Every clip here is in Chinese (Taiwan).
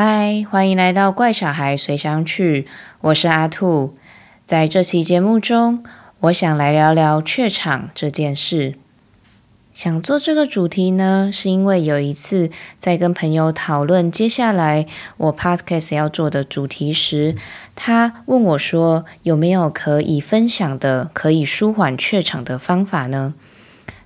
嗨，歡迎來到《怪小孩隨想曲》，我是阿兔。在這期節目中，我想來聊聊怯場這件事。想做這個主題呢，是因為有一次在跟朋友討論接下來我 Podcast 要做的主題時，他問我說：“有沒有可以分享的、可以舒緩怯場的方法呢？”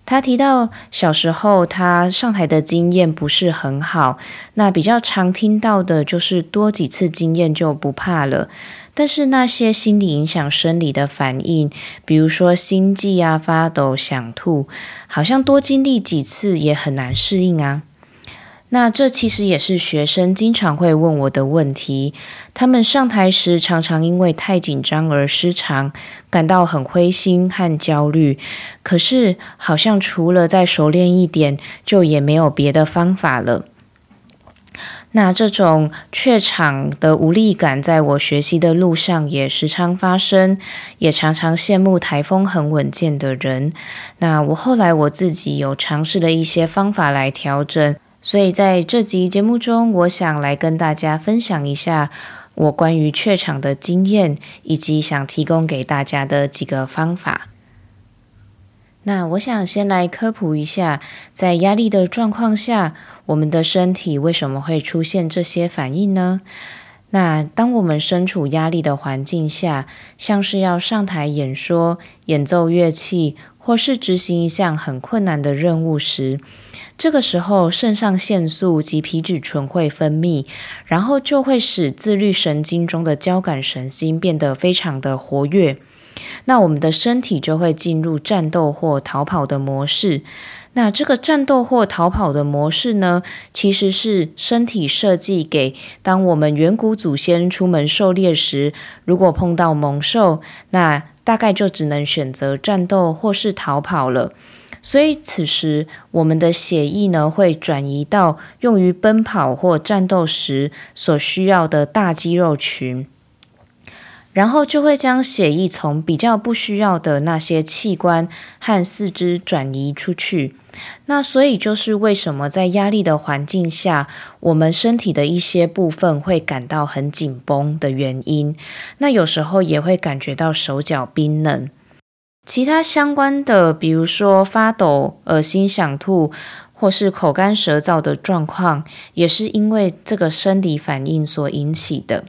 他提到，小時候他上台的經驗不是很好，那比較常聽到的就是多幾次經驗就不怕了。但是那些心理影響生理的反應，比如說心悸啊、發抖、想吐，好像多經歷幾次也很難適應啊。那這其實也是學生經常會問我的問題。他們上台時常常因為太緊張而失常，感到很灰心和焦慮。可是好像除了再熟練一點，就也沒有別的方法了。那這種怯場的無力感，在我學習的路上也時常發生，也常常羨慕台風很穩健的人。那我後來我自己有嘗試了一些方法來調整。所以在這集節目中，我想來跟大家分享一下我關於怯場的經驗，以及想提供給大家的幾個方法。那我想先來科普一下，在壓力的狀況下，我們的身體為什麼會出現這些反應呢？那當我們身處壓力的環境下，像是要上台演說、演奏樂器。或是執行一項很困難的任務時，這個時候腎上腺素及皮質醇會分泌，然後就會使自律神經中的交感神經變得非常的活躍。那我們的身體就會進入戰鬥或逃跑的模式。那這個戰鬥或逃跑的模式呢，其實是身體設計給當我們遠古祖先出門狩獵時，如果碰到猛獸，那大概就只能選擇戰鬥或是逃跑了，所以此時，我們的血液呢，會轉移到用於奔跑或戰鬥時所需要的大肌肉群。然後就會將血液從比較不需要的那些器官和四肢轉移出去。那所以就是為什麼在壓力的環境下，我們身體的一些部分會感到很緊繃的原因。那有時候也會感覺到手腳冰冷。其他相關的，比如說發抖、噁心、想吐，或是口乾舌燥的狀況，也是因為這個生理反應所引起的。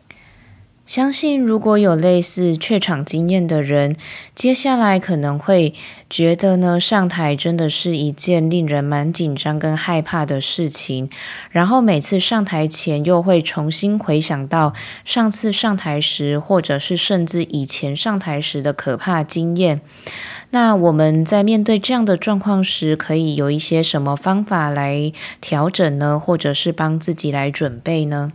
相信如果有類似怯場經驗的人，接下來可能會覺得呢，上台真的是一件令人蠻緊張跟害怕的事情。然後每次上台前又會重新回想到上次上台時，或者是甚至以前上台時的可怕經驗。那我們在面對這樣的狀況時，可以有一些什麼方法來調整呢？或者是幫自己來準備呢？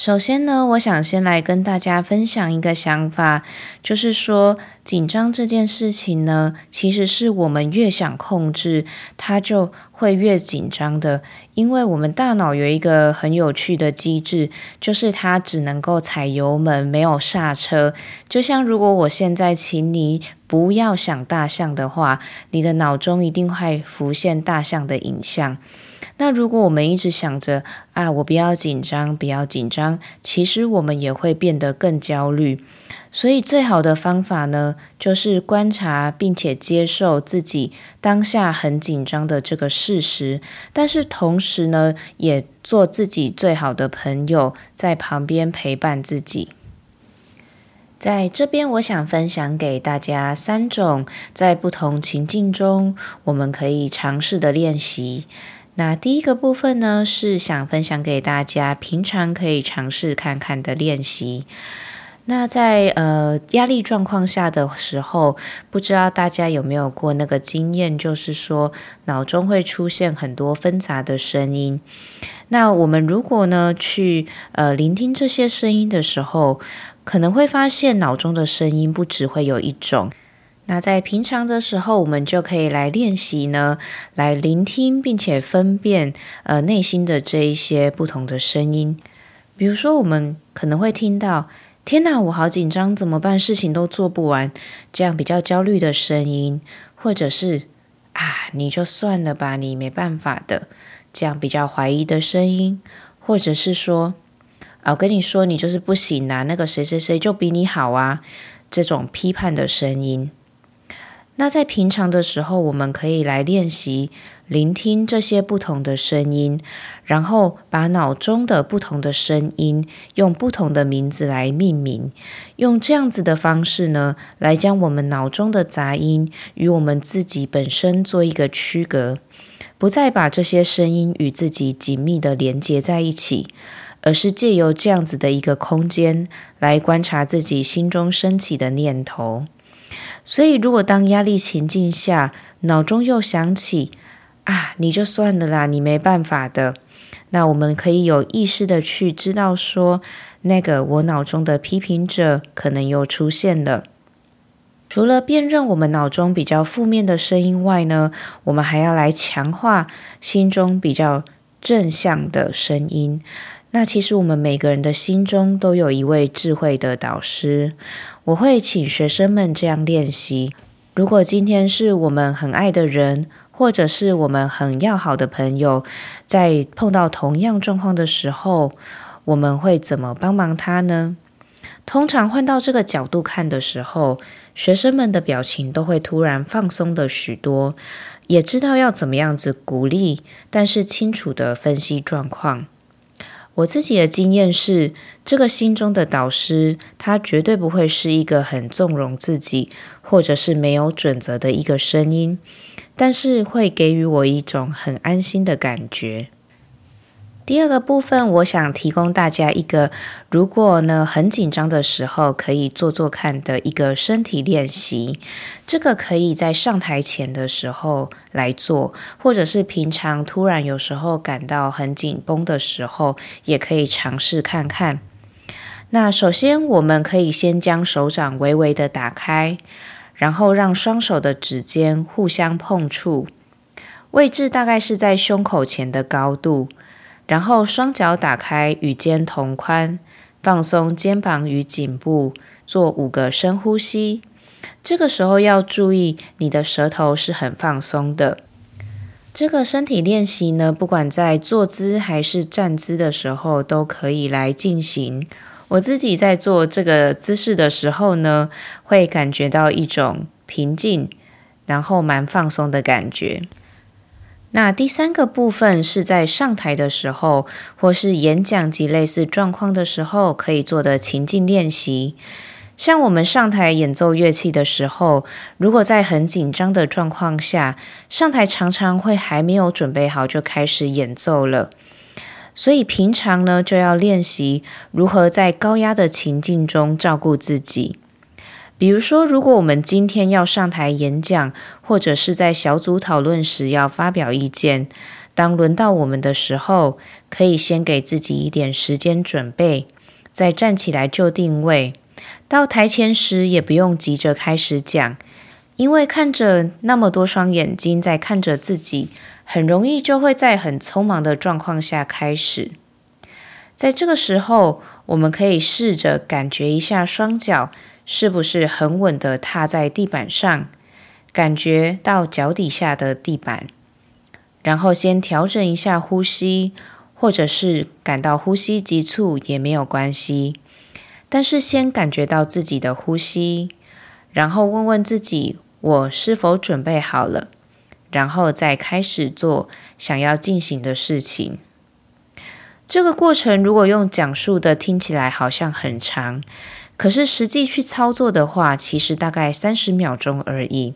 首先呢，我想先來跟大家分享一個想法，就是說緊張這件事情呢，其實是我們越想控制，它就會越緊張的。因為我們大腦有一個很有趣的機制，就是它只能夠踩油門，沒有剎車。就像如果我現在請你不要想大象的話，你的腦中一定會浮現大象的影像。那如果我們一直想着啊，我不要緊張，不要緊張，其實我們也會變得更焦慮。所以最好的方法呢，就是觀察並且接受自己當下很緊張的這個事實，但是同時呢，也做自己最好的朋友，在旁邊陪伴自己。在這邊，我想分享給大家三種在不同情境中我們可以嘗試的練習。那第一個部分呢，是想分享給大家平常可以嘗試看看的練習。那在呃壓力狀況下的時候，不知道大家有沒有過那個經驗，就是說腦中會出現很多紛雜的聲音。那我們如果呢去呃聆聽這些聲音的時候，可能會發現腦中的聲音不只會有一種。那在平常的時候，我們就可以來練習呢，來聆聽並且分辨呃內心的這一些不同的聲音。比如說，我們可能會聽到“天哪，我好緊張，怎麼辦？事情都做不完”，這樣比較焦慮的聲音；或者是“啊，你就算了吧，你沒辦法的”，這樣比較懷疑的聲音；或者是說“啊，我跟你說，你就是不行啊，那個誰誰誰就比你好啊”，這種批判的聲音。那在平常的時候，我們可以來練習聆聽這些不同的聲音，然後把腦中的不同的聲音用不同的名字來命名，用這樣子的方式呢，來將我們腦中的雜音與我們自己本身做一個區隔，不再把這些聲音與自己緊密地連接在一起，而是借由這樣子的一個空間來觀察自己心中升起的念頭。所以，如果當壓力情境下，腦中又響起“啊，你就算了啦，你沒辦法的”，那我們可以有意識地去知道說，那個我腦中的批評者可能又出現了。除了辨認我們腦中比較負面的聲音外呢，我們還要來強化心中比較正向的聲音。那其實我們每個人的心中都有一位智慧的導師。我會請學生們這樣練習：如果今天是我們很愛的人，或者是我們很要好的朋友，在碰到同樣狀況的時候，我們會怎麼幫忙他呢？通常換到這個角度看的時候，學生們的表情都會突然放鬆了許多，也知道要怎麼樣子鼓勵，但是清楚地分析狀況。我自己的經驗是，這個心中的導師，他絕對不會是一個很縱容自己，或者是沒有準則的一個聲音，但是會給予我一種很安心的感覺。第二個部分，我想提供大家一個，如果呢很緊張的時候可以做做看的一個身體練習。這個可以在上台前的時候來做，或者是平常突然有時候感到很緊繃的時候，也可以嘗試看看。那首先，我們可以先將手掌微微的打開，然後讓雙手的指尖互相碰觸，位置大概是在胸口前的高度。然後雙腳打開與肩同寬，放鬆肩膀與頸部，做五個深呼吸。這個時候要注意，你的舌頭是很放鬆的。這個身體練習呢，不管在坐姿還是站姿的時候都可以來進行。我自己在做這個姿勢的時候呢，會感覺到一種平靜，然後蠻放鬆的感覺。那第三個部分是在上台的時候，或是演講及類似狀況的時候，可以做的情境練習。像我們上台演奏樂器的時候，如果在很緊張的狀況下，上台常常會還沒有準備好就開始演奏了。所以平常呢，就要練習如何在高壓的情境中照顧自己。比如說，如果我們今天要上台演講，或者是在小組討論時要發表意見，當輪到我們的時候，可以先給自己一點時間準備，再站起來就定位。到台前時也不用急着開始講，因為看着那麼多雙眼睛在看着自己，很容易就會在很匆忙的狀況下開始。在這個時候，我們可以試着感覺一下雙腳。是不是很穩的踏在地板上，感覺到腳底下的地板，然後先調整一下呼吸，或者是感到呼吸急促也沒有關係。但是先感覺到自己的呼吸，然後問問自己，我是否準備好了，然後再開始做想要進行的事情。這個過程如果用講述的，聽起來好像很長。可是實際去操作的話，其實大概三十秒鐘而已。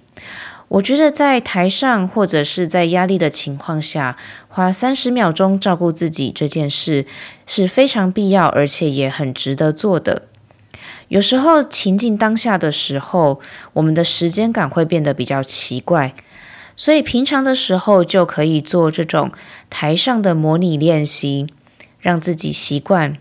我覺得在台上或者是在壓力的情況下，花三十秒鐘照顧自己這件事是非常必要，而且也很值得做的。有時候情境當下的時候，我們的時間感會變得比較奇怪，所以平常的時候就可以做這種台上的模擬練習，讓自己習慣。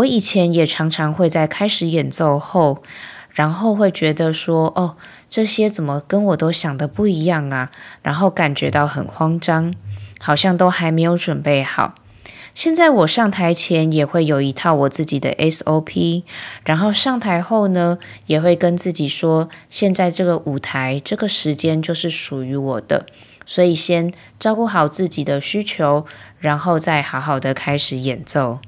我以前也常常會在開始演奏後，然後會覺得說：“哦，這些怎麼跟我都想的不一樣啊？”然後感覺到很慌張，好像都還沒有準備好。現在我上台前也會有一套我自己的 SOP，然後上台後呢，也會跟自己說：“現在這個舞台、這個時間就是屬於我的，所以先照顧好自己的需求，然後再好好的開始演奏。”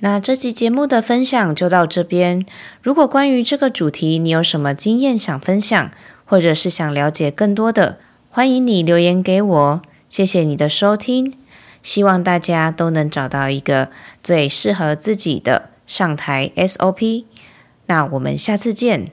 那這期節目的分享就到這邊。如果關於這個主題你有什麼經驗想分享，或者是想了解更多的，歡迎你留言給我。謝謝你的收聽，希望大家都能找到一個最適合自己的上台 SOP。那我們下次見。